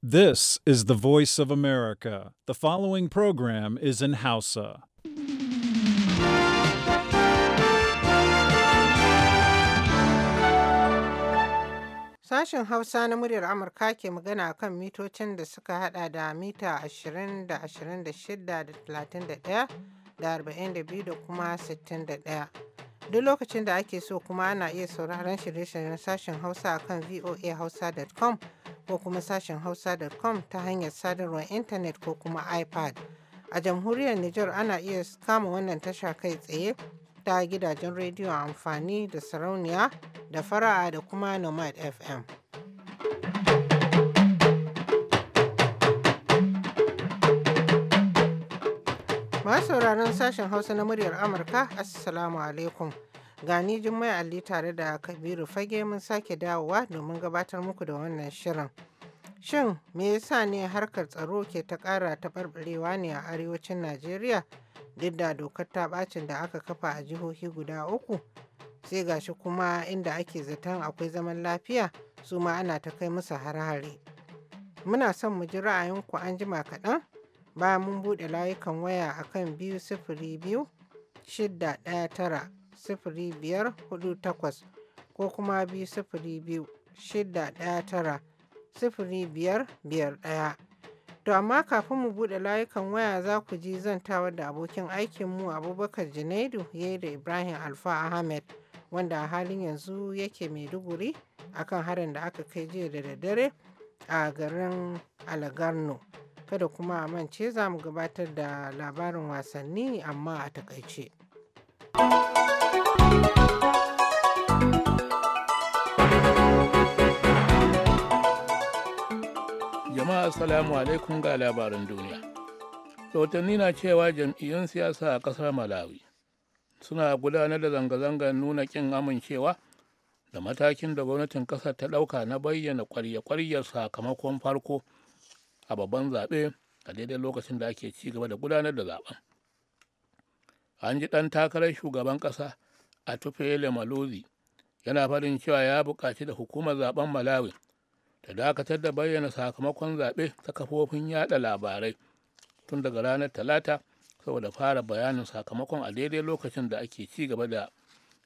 This is the voice of America. The following program is in Hausa. Sashen Hausa na muryar Amurka ke magana kan mitocin da suka hada da mita 20 da 26 da 31 da 42 da kuma 61. Duk lokacin da ake so kuma ana iya sauraron shirye-shiryen sashen Hausa kan voahausa.com ko kuma sashen hausa.com ta hanyar sadarwar intanet ko kuma ipad a jamhuriyar niger ana iya kama wannan tasha kai tsaye ta gidajen rediyo amfani da sarauniya da fara'a da kuma nomad fm masu sauraron sashen hausa na muryar amurka assalamu alaikum Gani Jummai Ali tare da Kabiru Fage mun sake dawowa domin gabatar muku da wannan shirin. Shin me yasa ne harkar tsaro ke ta ƙara taɓarɓarewa ne a arewacin Najeriya duk da dokar ta bacin da aka kafa a jihohi guda uku? Sai gashi kuma inda ake zaton akwai zaman lafiya su ma ana ta kai musu harhare. Muna son mu ji ra'ayinku an jima kaɗan bayan mun buɗe layukan waya akan biyu sifiri biyu shidda ɗaya tara sifili biyar hudu takwas ko kuma biyu sifili biyu shida ɗaya tara sifili biyar biyar ɗaya. To amma kafin mu buɗe layukan waya za ku ji zantawa da abokin aikinmu Abubakar janaidu ya da Ibrahim Alfa Ahmed wanda a halin yanzu yake Maiduguri akan harin da aka kai jiya da daddare a garin Alagarno. Kada kuma a mance za mu gabatar da labarin wasanni amma a takaice. assalamu alaikum ga labaran duniya rahotanni na cewa jam'iyyun siyasa a ƙasar malawi suna gudanar da zanga-zangar nuna ƙin amincewa da matakin da gwamnatin ƙasar ta ɗauka na bayyana ƙwarya ƙwaryar sakamakon farko a babban zaɓe a daidai lokacin da ake ci gaba da gudanar da zaɓen an ji ɗan takarar shugaban ƙasa a tufele malozi yana farin cewa ya buƙaci da hukumar zaɓen malawi da dakatar da bayyana sakamakon zaɓe ta kafofin yada labarai tun daga ranar talata saboda fara bayanin sakamakon a daidai lokacin da ake ci gaba da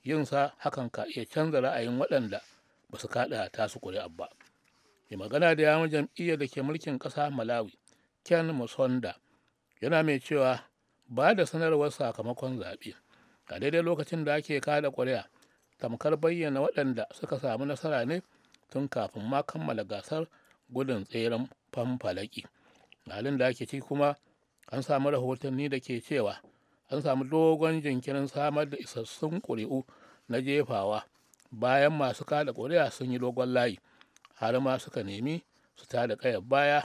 yin sa hakan ka iya canza ra'ayin waɗanda ba su kaɗa tasu ƙuri'a ba mai magana da yawon jam'iyyar da ke mulkin ƙasa malawi ken musonda yana mai cewa ba da sanarwar sakamakon zaɓe a daidai lokacin da ake kada ƙuri'a tamkar bayyana waɗanda suka samu nasara ne tun kafin ma kammala gasar gudun tseren famfalaki halin da ake ci kuma an samu rahotanni da ke cewa an samu dogon jinkirin samar da isassun ƙuri'u na jefawa bayan masu kada ƙuri'a sun yi dogon layi har ma suka nemi su tada ƙayar baya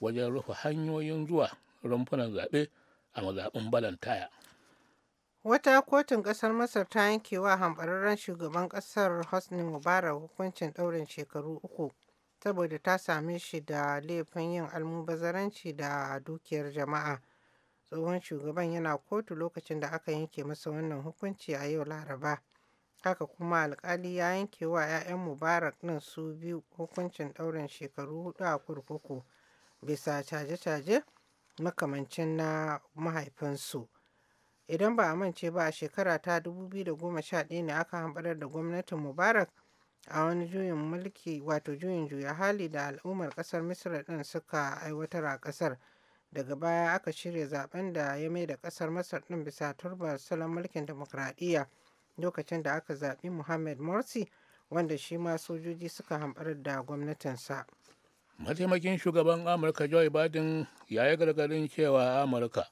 wajen rufe hanyoyin zuwa rumfunan zaɓe a mazaɓin balantaya. Wata kotun ƙasar Masar ta yanke wa hamɓararren shugaban ƙasar Hosni Mubarak hukuncin ɗaurin shekaru uku saboda ta same shi da laifin yin almubazaranci da dukiyar jama'a. Tsohon shugaban yana kotu lokacin da aka yanke masa wannan hukunci a yau Laraba. Haka kuma alkali ya yanke wa 'ya'yan Mubarak ɗin su biyu hukuncin ɗaurin shekaru hudu a kurkuku bisa caje-caje makamancin na mahaifinsu. Idan ba a mance ba a shekara ta 2011 ne aka hambarar da gwamnatin Mubarak a wani juyin mulki wato juyin juya hali da al'ummar ƙasar misira din suka aiwatar a ƙasar. Daga baya aka shirya zaben da ya mai da ƙasar Masar ɗin bisa turbar salon mulkin demokradiyya lokacin da aka zaɓi Mohamed Morsi wanda shi ma sojoji suka hamɓarar da gwamnatinsa. Mataimakin shugaban Amurka Joe Biden ya yi gargadin cewa Amurka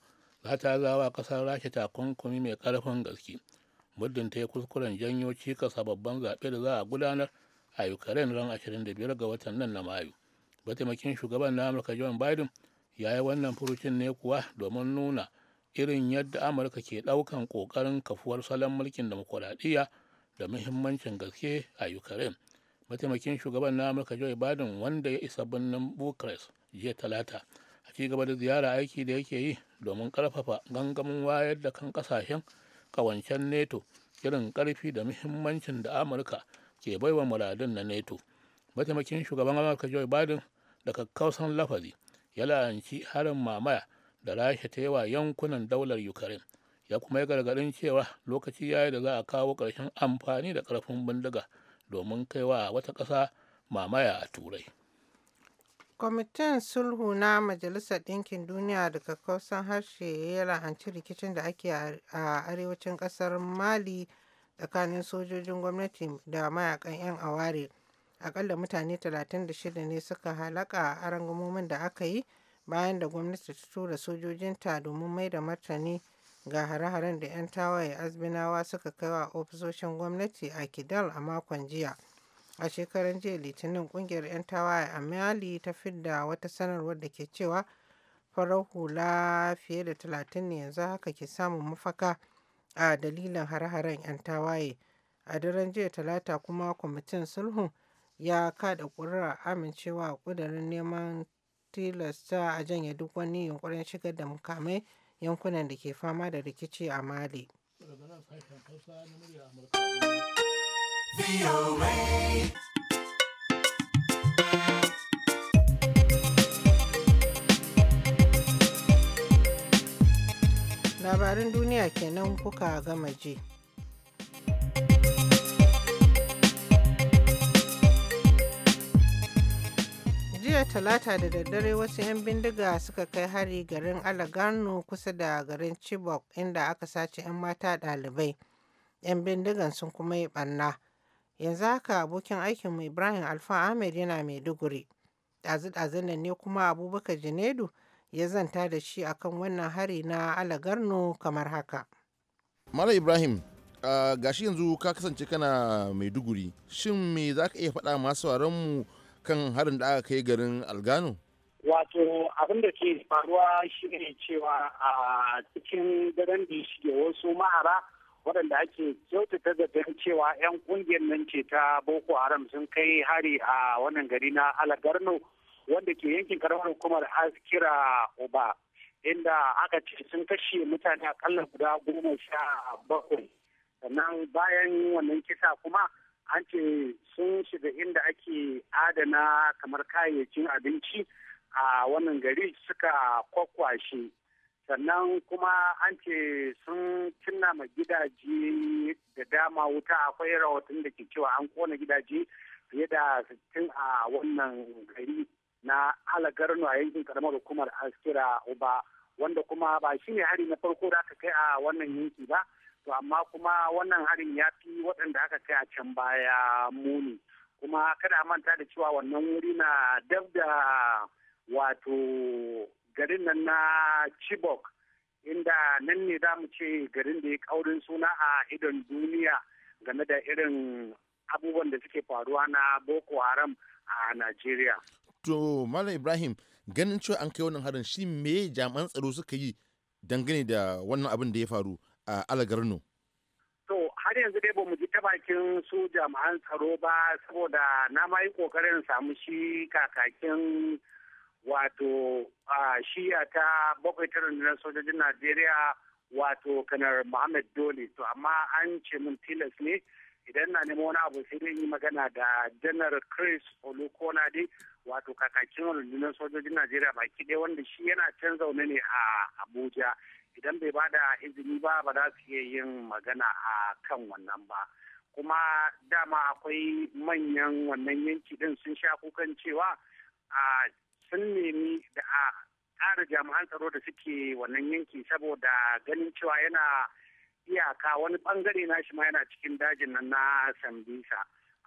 ta zawa kasar rasha takunkumi mai karfin gaske muddin ta yi kuskuren janyo cikasa babban zaɓe da za a gudanar a ukraine ran 25 ga watan nan na mayu mataimakin shugaban na amurka john biden ya yi wannan furucin ne kuwa domin nuna irin yadda amurka ke ɗaukan ƙoƙarin kafuwar salon mulkin demokuraɗiyya da muhimmancin gaske a ukraine mataimakin shugaban na amurka joe biden wanda ya isa birnin bucharest jiya talata a ci gaba da ziyara aiki da yake yi domin karfafa gangamin wayar da kan kasashen kawancen neto irin karfi da muhimmancin da amurka ke baiwa muradun na neto mataimakin shugaban amurka joe biden da kakkausan lafazi ya la'anci harin mamaya da rasha ta yi wa yankunan daular ukraine ya kuma yi gargaɗin cewa lokaci ya yi da za a kawo ƙarshen amfani da ƙarfin bindiga domin kaiwa wata ƙasa mamaya a turai Kwamitin Sulhu na Majalisar Ɗinkin Duniya da Kakkausan Harshe ya la'anci rikicin da ake a arewacin ƙasar Mali tsakanin sojojin gwamnati da mayakan 'yan aware. Akalla mutane 36 ne suka halaka a rangamomin da aka yi bayan da gwamnati ta tura sojojinta domin mai da martani ga hare-haren da 'yan tawaye azbinawa suka kai wa ofisoshin gwamnati a Kidal a makon jiya. a shekaran jiya litinin kungiyar 'yan tawaye a mali ta fidda wata sanarwar da ke cewa farar hula fiye da talatin ne yanzu haka ke samun mafaka a dalilin hare-haren 'yan tawaye a daren jiya talata kuma kwamitin sulhun ya kada ƙuri'ar amincewa a ƙudurin neman tilasta a janye duk wani yunkurin shigar da mukamai yankunan da ke fama da rikici a mali. labarin duniya kenan kuka gama ji. jiya talata da daddare wasu 'yan bindiga suka kai hari garin alagano kusa da garin chibok inda aka sace 'yan mata ɗalibai 'yan bindigan sun kuma yi ɓanna Yanzu haka abokin aikin mu Ibrahim Alfa Ahmed yana Maiduguri. ɗazu ɗazu nan ne kuma Abubakar janedu ya zanta da shi akan wannan hari na Alagarno kamar haka. Mala Ibrahim, uh, gashi yanzu ka kasance kana Maiduguri. Shin me za ka iya faɗa masu mu kan harin da aka kai garin Algano? Wato abin da ke faruwa shi ne cewa a cikin daren da ya shige wasu mahara waɗanda ake kyautata zaton cewa 'yan ƙungiyar nan ce ta boko haram sun kai hari a wannan gari na alagarno wanda ke yankin karamar hukumar askira oba inda aka ce sun kashe mutane akalla guda goma sha bakwai sannan bayan wannan kisa kuma an ce sun shiga inda ake adana kamar kayayyakin abinci a wannan gari suka kwakwashe sannan kuma an ce sun cinna ma gidaje da dama wuta akwai rahoton da ke cewa an kona gidaje fiye da 60 a wannan gari na alagarno a yankin karamar hukumar askira uba wanda kuma ba shi ne hari na farko da aka kai a wannan yanki ba to amma kuma wannan harin ya fi waɗanda aka kai a can baya muni kuma kada a manta da cewa wannan wuri na dab da wato garin nan na Chibok inda nan ne za mu ce garin da ya kaurin suna a idon duniya game da irin abubuwan da suke faruwa na Boko Haram a Najeriya. To Malam Ibrahim ganin cewa an kai wannan harin shi me jami'an tsaro suka yi dangane da wannan abin da ya faru a Alagarno? To har yanzu dai ba mu ji ta bakin su jami'an tsaro ba saboda na ma yi kokarin samu shi kakakin wato a shiya ta bakwai ta rundunar sojojin najeriya wato kanar muhammad dole to amma an ce mun tilas ne idan na nemo wani abu sai yi magana da janar chris Olukonadi wato kakakin rundunar sojojin najeriya baki ɗaya wanda shi yana can zaune ne a abuja idan bai bada izini ba ba za su iya yin magana a kan wannan ba kuma dama akwai manyan wannan yanki din sun sha kukan cewa a sun nemi da a ƙara jami'an tsaro da suke wannan yanki saboda ganin cewa yana iyaka wani bangare na shi ma yana cikin dajin nan na sambisa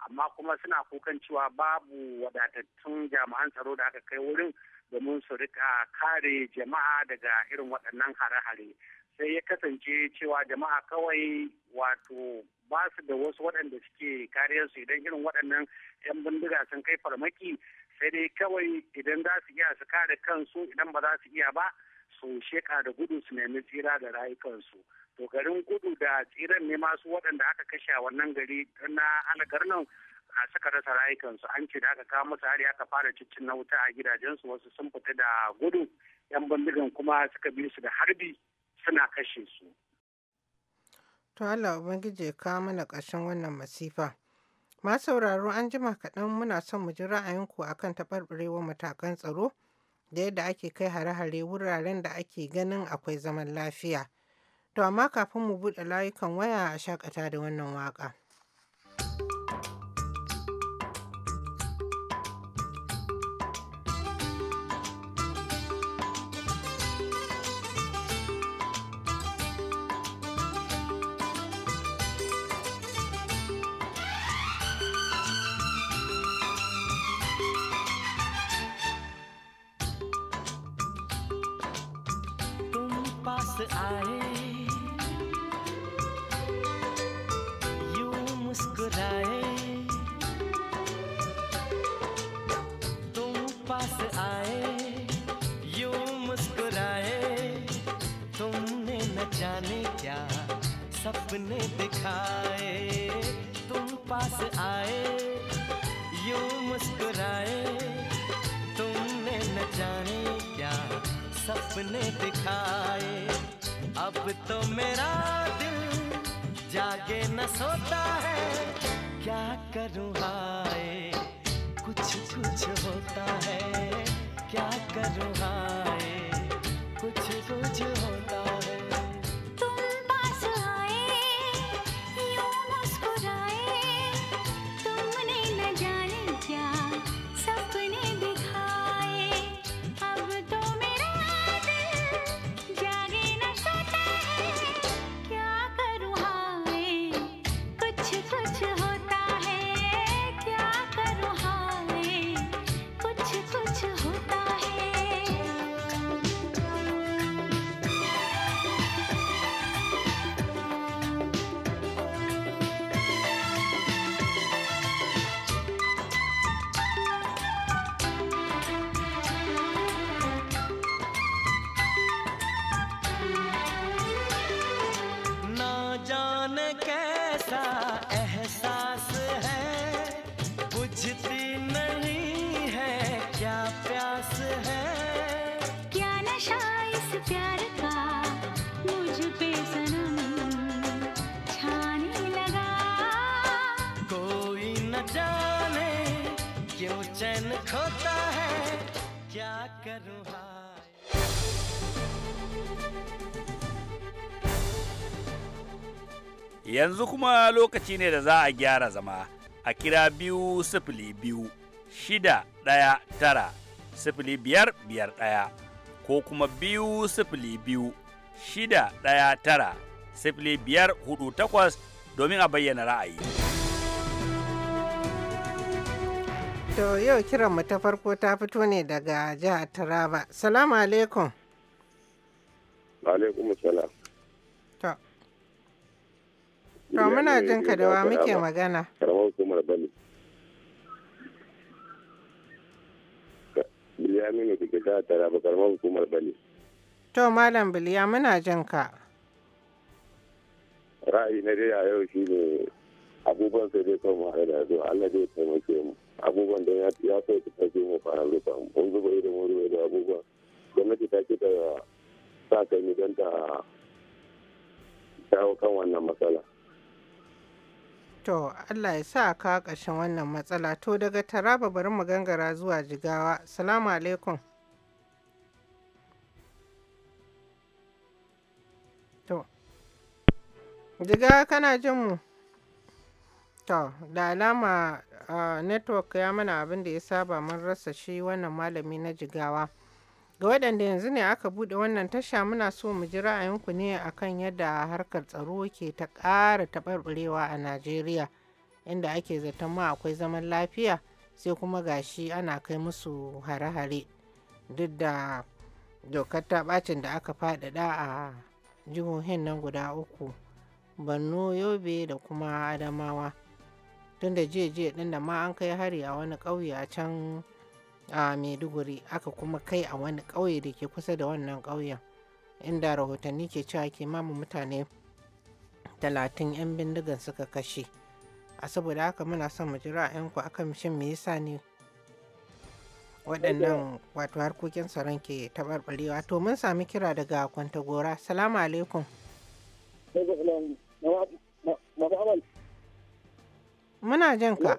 amma kuma suna kukan cewa babu wadatattun jami'an tsaro da aka kai wurin domin su rika kare jama'a daga irin waɗannan hare-hare sai ya kasance cewa jama'a kawai wato ba su da wasu waɗanda suke kariyarsu idan irin waɗannan 'yan bindiga sun kai farmaki sai dai kawai idan za su iya su kare kansu idan ba za su iya ba su sheka da gudu su nemi tsira da rayukansu to garin gudu da tsiran ne masu waɗanda aka kashe a wannan gari na ana garnan a suka rasa rayukansu an ce da aka kawo musu hari aka fara ciccin na wuta a gidajensu wasu sun fita da gudu yan bindigan kuma suka bi su da harbi suna kashe su to Allah ubangiji ya kawo mana ƙarshen wannan masifa Ma sauraro an jima kaɗan muna son mu ji ra'ayinku a kan taɓarɓarewar matakan tsaro da yadda ake kai hare-hare wuraren da ake ganin akwai zaman lafiya. To amma kafin mu buɗe layukan waya a shakata da wannan waƙa. आए न सोता है क्या करूँ हाय कुछ कुछ होता है क्या करूँ हाय नहीं है क्या प्यास है क्या नशा इस प्यार का मुझ पे सनम छाने लगा कोई न जाने क्यों चैन खोता है क्या करूँ yanzu kuma lokaci ne da za a gyara zama a kira biyu sifili biyu shida ɗaya tara sifili biyar biyar ɗaya ko kuma biyu sifili biyu shida ɗaya tara sifili biyar hudu takwas domin a bayyana ra'ayi. To yau kiranmu ta farko ta fito ne daga jihar Taraba. Salamu alaikum. Alaikum salam. To muna jin ka da wa muke magana. Karamar hukumar Bani. Bilyaminu da ke ta tara ba karamar hukumar Bani. To Malam Biliya muna jin ka. Ra'ayi na dai a yau shi ne abubuwan sai dai kan mara da zuwa Allah zai taimake mu. Abubuwan da ya so ta tafi mu fara rufa mu. Mun zuba irin wani wani abubuwan. Gwamnati ta ce ta sa kai don ta shawo kan wannan matsala. To Allah ya sa ka ƙarshen wannan matsala to daga taraba bari mu gangara zuwa jigawa. Salamu alaikum. To. Jigawa kana jin mu? To da alama uh, network ya mana abin da ya saba mun rasa shi wannan malami na jigawa. Ga waɗanda yanzu ne aka buɗe wannan tasha muna so mu ji ra'ayinku ne akan yadda harkar tsaro ke ta ƙara taɓarɓarewa a Najeriya inda ake zaton ma akwai zaman lafiya sai kuma gashi ana kai musu hare-hare duk da dokar ta bacin da aka faɗaɗa a jihohin nan guda uku Borno, Yobe da kuma Adamawa. Tunda jiya jiya ɗin da ma an kai hari a wani ƙauye a can a maiduguri aka kuma kai a wani ƙauye da ke kusa da wannan ƙauyen inda rahotanni ke cewa kimanin mutane talatin 'yan bindigan suka kashe a saboda haka muna son mu jira ku akan shin me yasa ne waɗannan wato harkokin tsaron ke taɓarɓarewa to mun sami kira daga kwantagora salamu alaikum muna jin ka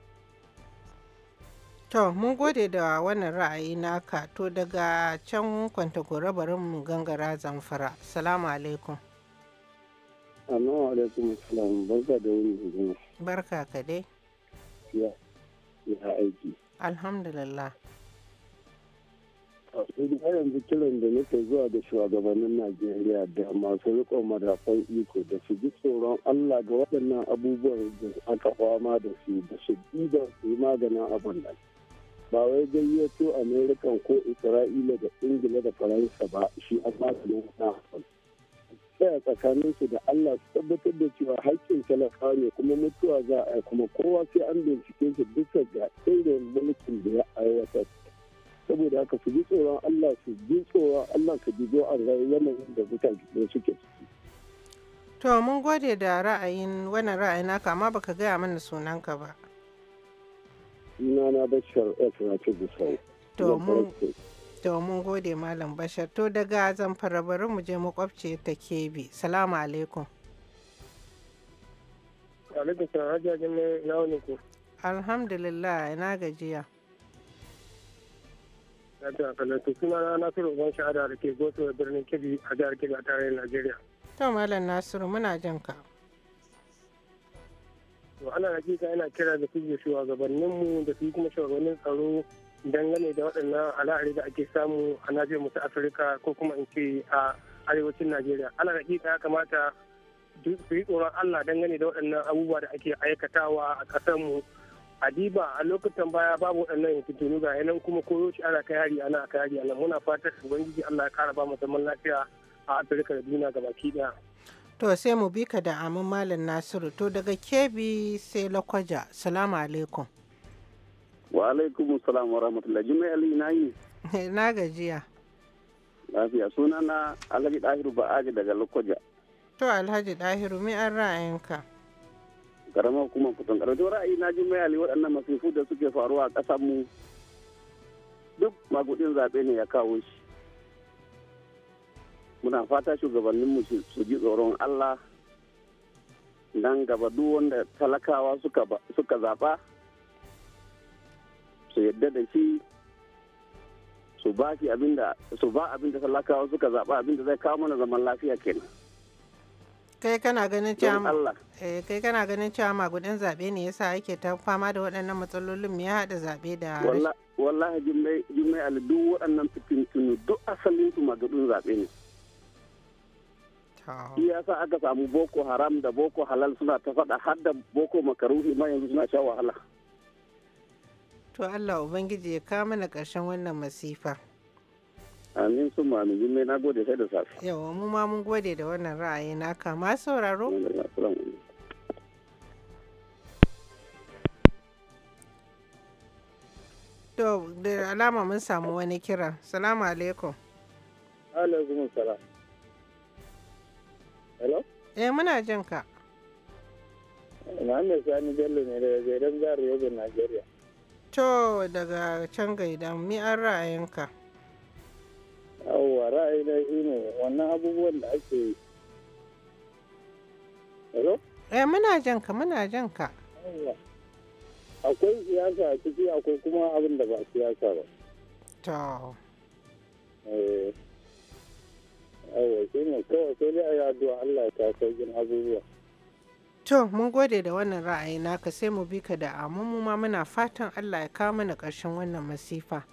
To, mun gode da wannan ra'ayi naka to daga can kwanta gore bari mu gangara zamfara. Salamu alaikum. Assalamu alaikum salamu barka da wani Barka ka dai. Ya, ya aiki. Alhamdulillah. a yanzu kiran da nake zuwa da shugabannin najeriya da masu riko madafan iko da su ji tsoron allah ga waɗannan abubuwan da aka fama da su da su da su yi maganin abin nan ba wai gayyato amerikan ko isra'ila da ingila da faransa ba shi an ba su na tsaya tsakaninsu da allah su tabbatar da cewa haƙƙin talaka ne kuma mutuwa za a kuma kowa sai an bincike shi bisa ga irin mulkin da ya aiwatar saboda haka su ji tsoron allah su ji tsoron allah ka ji zo a yanayin da mutane suke ciki To mun gode da ra'ayin wannan ra'ayin naka amma baka gaya mana sunanka ba. suna na bashar gusau to mun gode malam bashar to daga zan fara bari mu je makwabce ta kebi salamu alaikum alaikum na alhamdulillah ina gajiya Yadda kalatu suna na Nasiru ban Shahada da ke goto birnin kebi a jihar Kebbi a tarihin Najeriya. To Malam Nasiru muna jin ka. to ana hakika yana kira da su shugabanninmu da su kuma shugabannin tsaro dangane da waɗannan al'ari da ake samu a najeriya musu afirka ko kuma in ce a arewacin najeriya ana hakika ya kamata su yi tsoron allah dangane da waɗannan abubuwa da ake aikatawa a ƙasarmu a diba a lokutan baya babu waɗannan yankintunu ga yanan kuma ko shi ana kai hari ana kai hari ana muna fatar ubangiji allah ya kara ba mu zaman lafiya a afirka da duniya gabaki ɗaya. To sai mu bi ka da amin Malam Nasiru to daga Kebi sai Lakwaja. Salamu alaikum. Wa alaikum salam wa rahmatullahi. Jimai Ali na yi. na gajiya. Lafiya suna na Alhaji Dahiru Ba'aji daga Lakwaja. To Alhaji Dahiru mai an ra'ayinka? Karamar kuma kutan karfi ra'ayi na Jimai Ali waɗannan masifu da suke faruwa a ƙasar mu duk magudin zaɓe ne ya kawo shi. muna fata shugabanninmu su ji tsoron allah nan gaba duk wanda talakawa suka zaɓa su yadda da shi su ba shi abinda su ba abinda talakawa suka zaɓa abinda zai kawo mana zaman lafiya kenan kai kana ganin cewa eh, kai kana ganin cewa magudin zabe ne yasa ake ta fama da waɗannan matsalolin me ya hada zabe da wallahi jimmai jimmai al duk waɗannan fitintunu duk asalin su magudin zabe ne shi yasa aka samu boko haram da boko halal suna ta faɗa har da boko makaruhi ma yanzu suna sha wahala to Allah ubangiji ya kawo mana ƙarshen wannan masifa amin sun ma amin mai na gode sai da safe yawa mu ma mun gode da wannan ra'ayi naka ma sauraro to da alama mun samu wani kira salamu alaikum alaikum salam Hello? Eh muna jin ka. Muhammad Sani Bello ne daga Gaidan Jihar Yobe, Najeriya. To daga can gaida mi an ra'ayinka? Yawwa na shi ne wannan abubuwan da ake yi. Hello? Eh muna jin ka muna jin ka. Akwai siyasa a ciki akwai kuma abin da ba siyasa ba. To. Eh. To, mun gode da wannan ra'ayi naka sai mu bi ka da amu mu ma muna fatan Allah ya kawo mana ƙarshen wannan masifa.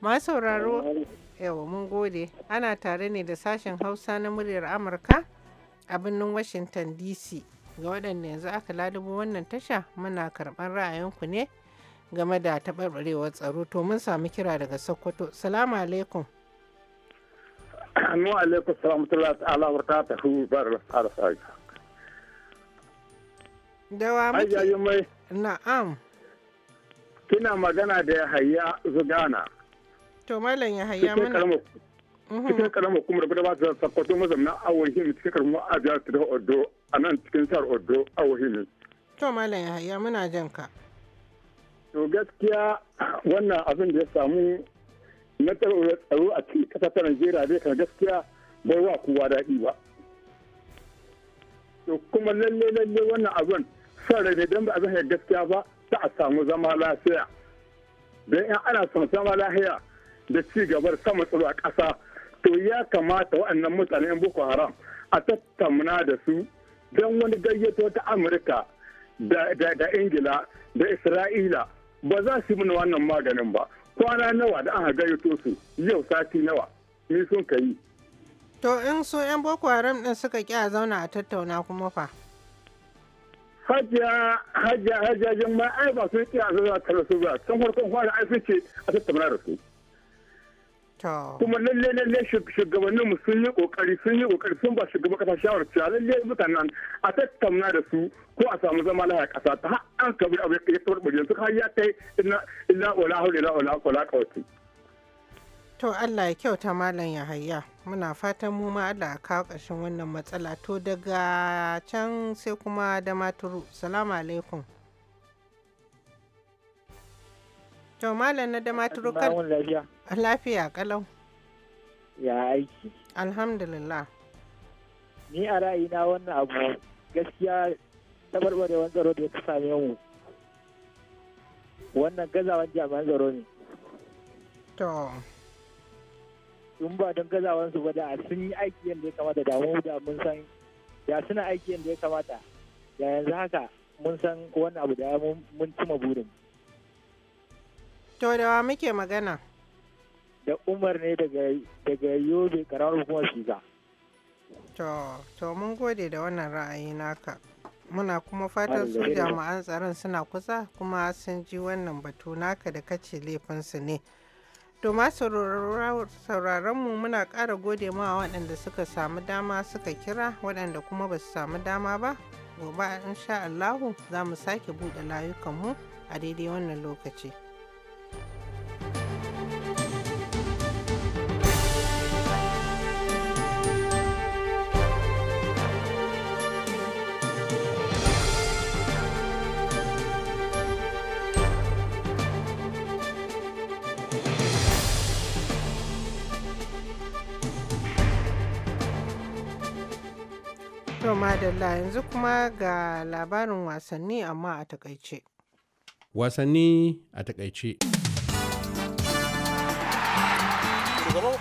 Ma sauraro, yawa mun gode, ana tare ne da sashen Hausa na muryar Amurka a birnin Washington DC. Ga waɗanda yanzu aka lalubo wannan tasha muna karɓar ra'ayinku ne game da taɓarɓarewar tsaro to mun samu kira daga Sokoto. Salamu alaikum. mu alaikum salamatullahi ta'ala wa ta hu bar al-faraj dawa muke mai na'am kina magana da ya Yahaya Zugana to ya Yahaya mana mhm. cikin karamar hukumar gudanar da sakwato mazamna awahimi cikin a jihar Tudor odo a nan cikin sar odo awahimi to malam yahaya muna jan ka to gaskiya wannan abin da ya samu na tsaro a cikin ƙasa ta Najeriya dai kan gaskiya bai wa kowa daɗi ba. To kuma lalle lalle wannan abin son rai don ba a zahar gaskiya ba ta a samu zama lafiya. Don in ana son zama lafiya da ci gabar sama tsaro a ƙasa to ya kamata waɗannan mutanen Boko Haram a tattauna da su don wani gayyato ta Amurka da Ingila da Isra'ila ba za su yi mana wannan maganin ba. kwana nawa da aka gayyato su yau sati nawa ni sun ka yi to in su yan boko haram ɗin suka ki a zauna a tattauna kuma fa hajiya hajiya hajiya jin ma ai ba su ki a zauna a tattauna su ba sun farkon fara ai suke a tattauna da su kuma lalle lalle shugabannin mu sun yi kokari sun yi kokari sun ba shugaban kasa shawar cewa lalle mutanen a tattauna da su ko a samu zama lafiya kasa ta har an kabi abu ya tabbata su har ya kai illa wala hawla illa wala wala kawati To Allah ya kyauta Malam Yahaya. Muna fatan mu ma Allah kawo ƙarshen wannan matsala. To daga can sai kuma da maturu. Salamu alaikum. To Malam na da maturu kan. Lafiya ƙalau. Ya aiki. Alhamdulillah. Ni a ra'ayina wannan abu gaskiya tabarbarewar tsaro da ya same mu. Wannan gazawan jami'an tsaro ne. To. In ba don gazawansu ba da sun yi aiki yadda ya kamata da mu da mun san ya suna aiki yadda ya kamata da yanzu haka mun san wannan abu da mun cima burin. To da wa muke magana? da umar ne daga yobe karamar hukumar shiga to to mun gode da wannan ra'ayi naka muna kuma fatan su jami'an tsaron suna kusa kuma sun ji wannan batu naka da kace laifinsu ne to ma mu muna ƙara gode ma waɗanda suka samu dama suka kira waɗanda kuma ba su samu dama ba gobe insha Allahu za mu sake buɗe layukanmu a daidai wannan lokaci. madalla yanzu kuma ga labarin wasanni amma a takaice. Wasanni a takaice.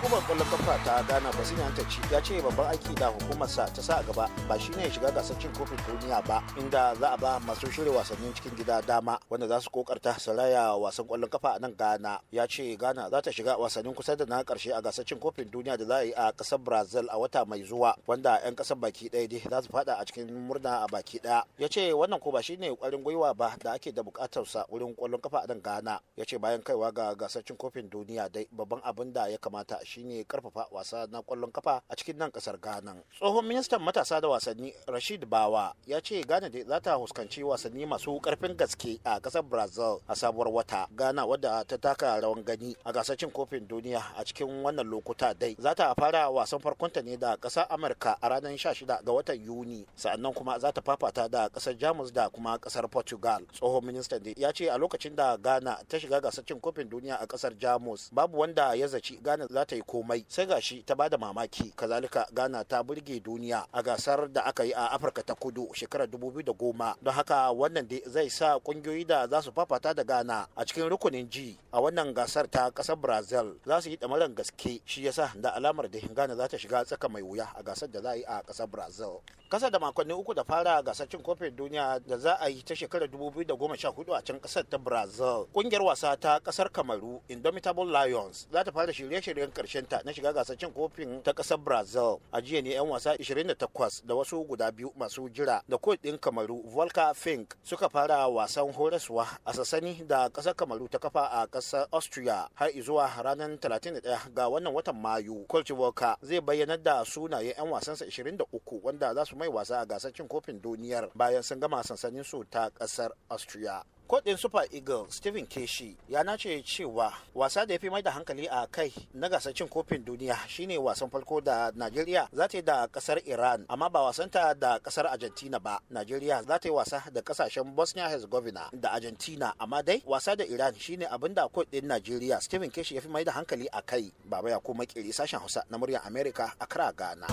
hukumar kwallon kafa ta gana ghana ta ci ya ce babban aiki da hukumar sa ta sa a gaba ba shine ya shiga gasar cin kofin duniya ba inda za a ba masu shirya wasannin cikin gida dama wanda za su kokarta saraya wasan kwallon kafa a nan ghana ya ce gana za ta shiga wasannin kusa da na karshe a gasar cin kofin duniya da za a yi a kasar brazil a wata mai zuwa wanda 'yan kasar baki daya dai za su fada a cikin murna a baki daya ya ce wannan ko ba shine kwarin gwiwa ba da ake da bukatar sa wurin kwallon kafa a nan ghana ya ce bayan kaiwa ga gasar cin kofin duniya dai babban abin da ya kamata shi shine karfafa wasa na kwallon kafa a cikin nan kasar ghana tsohon ministan matasa da wasanni rashid bawa ya ce ghana da za ta huskanci wasanni masu karfin gaske a kasar brazil a sabuwar wata ghana wadda ta taka rawan gani a gasar cin kofin duniya a cikin wannan lokuta dai za ta fara wasan farkonta ne da kasar amurka a ranar 16 ga watan yuni sa'annan kuma za ta fafata da kasar jamus da kuma kasar portugal tsohon ministan da ya ce a lokacin da ghana ta shiga gasar cin kofin duniya a kasar jamus babu wanda ya zaci ghana za ta yi komai sai gashi ta bada mamaki kazalika ghana ta burge duniya a gasar da aka yi a afirka ta kudu shekarar goma don haka wannan dai zai sa kungiyoyi da za su fafata da ghana a cikin rukunin ji a wannan gasar ta kasar brazil za su yi damaran gaske shi yasa da alamar da ghana za ta shiga tsaka mai wuya a gasar da za a yi a kasar brazil kasa da makonni uku da fara gasar cin kofin duniya da za a yi ta shekarar 2014 a can kasar ta brazil kungiyar wasa ta kasar kamaru indomitable lions za ta fara shirye-shiryen karshe ta na shiga gasar cin kofin ta kasar brazil a jiya ne 'yan wasa 28 da wasu guda biyu masu jira da coach din kamaru volka fink suka fara wasan horaswa a sasani da kasar kamaru ta kafa a kasar austria har zuwa ranar 31 ga wannan watan mayu coach volka zai bayyana da sunayen 'yan wasansa 23 wanda za su mai wasa a gasar cin kofin duniyar bayan sun gama sansanin su ta kasar austria kodin super eagles stephen keshi ya nace cewa wasa da ya fi mai da hankali a kai na gasar cin kofin duniya shine wasan farko da najeriya za ta yi da kasar iran amma ba wasanta da kasar argentina ba najeriya za ta yi wasa da kasashen bosnia herzegovina da argentina amma dai wasa da iran shine abin da kodin najeriya stephen keshi ya fi mai da hankali a kai baba ya kuma kiri sashen hausa na muryar america a a ghana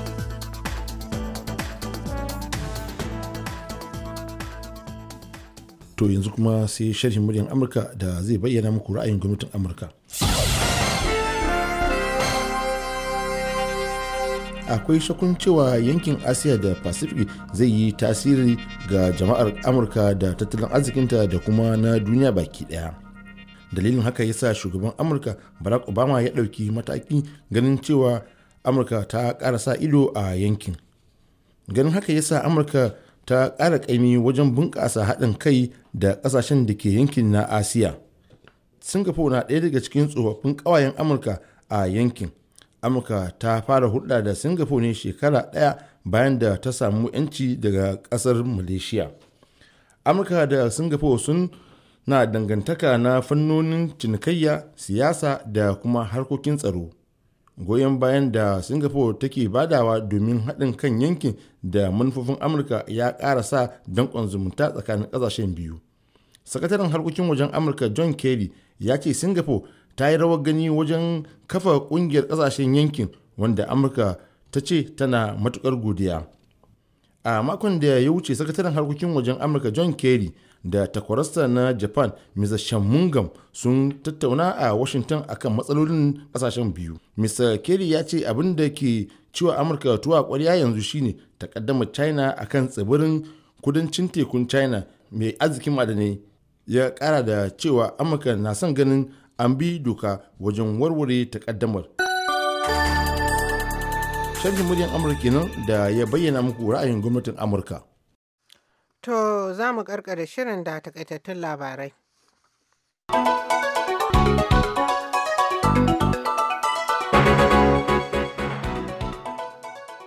to yanzu kuma sai sharhin muryan amurka da zai bayyana muku ra'ayin gwamnatin amurka akwai shakun cewa yankin asiya da pacific zai yi tasiri ga jama'ar amurka da tattalin arzikinta da kuma na duniya baki daya dalilin haka ya sa shugaban amurka barack obama ya ɗauki mataki ganin cewa amurka ta ƙara sa ido a yankin ganin haka ya sa amurka ta ƙara ƙaimi wajen bunƙasa haɗin kai da ƙasashen da ke yankin na asiya singapore na ɗaya daga cikin tsofaffin ƙawayen amurka a yankin amurka ta fara hulɗa da singapore ne shekara ɗaya bayan da ta samu 'yanci daga ƙasar malaysia amurka da singapore sun na dangantaka na fannonin cinikayya siyasa da kuma harkokin tsaro goyon bayan da singapore take badawa domin haɗin kan yankin da manufofin amurka ya ƙara sa danƙon zumunta tsakanin ƙasashen biyu sakataren harkokin wajen amurka john kerry ya ce singapore ta yi rawar gani wajen kafa ƙungiyar ƙasashen yankin wanda amurka ta ce tana matukar godiya a makon da ya wuce sakataren harkokin wajen amurka john kerry da takwarasta na japan mr shamungam sun tattauna a washington akan matsalolin kasashen biyu mr kerry ya ce abin da ke cewa amurka tuwa kwarya yanzu shine takaddama china akan tsibirin kudancin tekun china mai arzikin madanai ya kara da cewa amurka na son ganin an bi doka wajen warware takaddamar sharhin muryan amurka kenan da ya bayyana muku ra'ayin gwamnatin amurka To za mu karkare shirin da takaitattun labarai.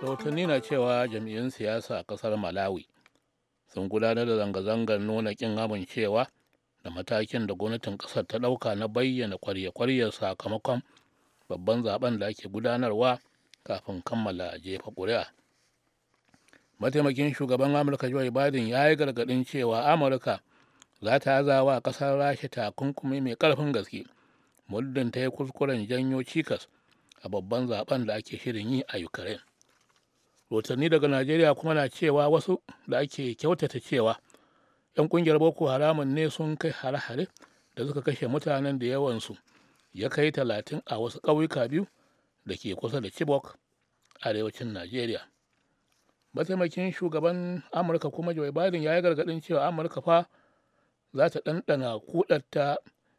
rahotanni na cewa jam'iyyun siyasa a kasar malawi sun gudanar da zanga-zangar nuna kin amincewa da matakin da gwamnatin ƙasar ta ɗauka na bayyana kwarye kwarye sakamakon babban zaben da ake gudanarwa kafin kammala jefa ƙuri'a mataimakin shugaban amurka joe biden ya yi gargadin cewa amurka za ta azawa ƙasar rasha takunkumi mai karfin gaske muddin ta yi kuskuren janyo cikas a babban zaben da ake shirin yi a ukraine rotanni daga najeriya kuma na cewa wasu da ake kyautata cewa 'yan kungiyar boko haramun ne sun kai hare-hare da suka kashe mutanen da yawansu ya kai talatin a wasu ƙauyuka biyu da ke kusa da chibok arewacin najeriya Mataimakin shugaban Amurka kuma Joe Biden ya yi gargadin cewa Amurka fa za ta ɗanɗana kuɗarta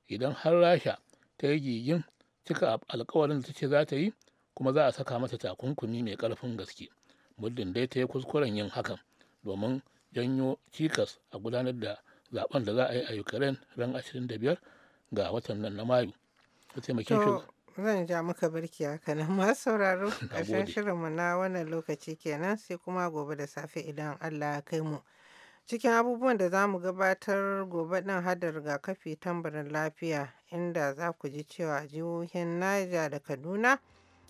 idan har Rasha ta yi gigin cika alkawarin da ta ce za ta yi kuma za a saka mata takunkumi mai ƙarfin gaske muddin dai ta yi kuskuren yin hakan domin janyo cikas a gudanar da zaben da za a yi a ukraine ran 25 ga watan nan na mayu Zan ja muka barki haka nan masu sauraro ƙarshen shirinmu na wannan lokaci kenan sai kuma gobe da safe idan Allah ya kai mu. Cikin abubuwan da za mu gabatar gobe ɗin hada rigakafi tambarin lafiya inda za ku ji cewa jihohin Niger da Kaduna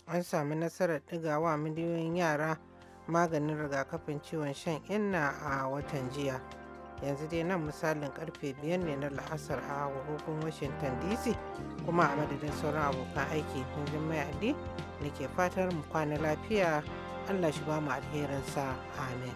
an samu nasarar ɗigawa miliyoyin yara maganin rigakafin ciwon shan inna a watan jiya. yanzu dai nan misalin karfe biyar ne na la'asar a hukumar washington dc kuma a madadin sauran abokan aiki na mai adi ke fatar mu kwana lafiya allah shi ba mu alherinsa amin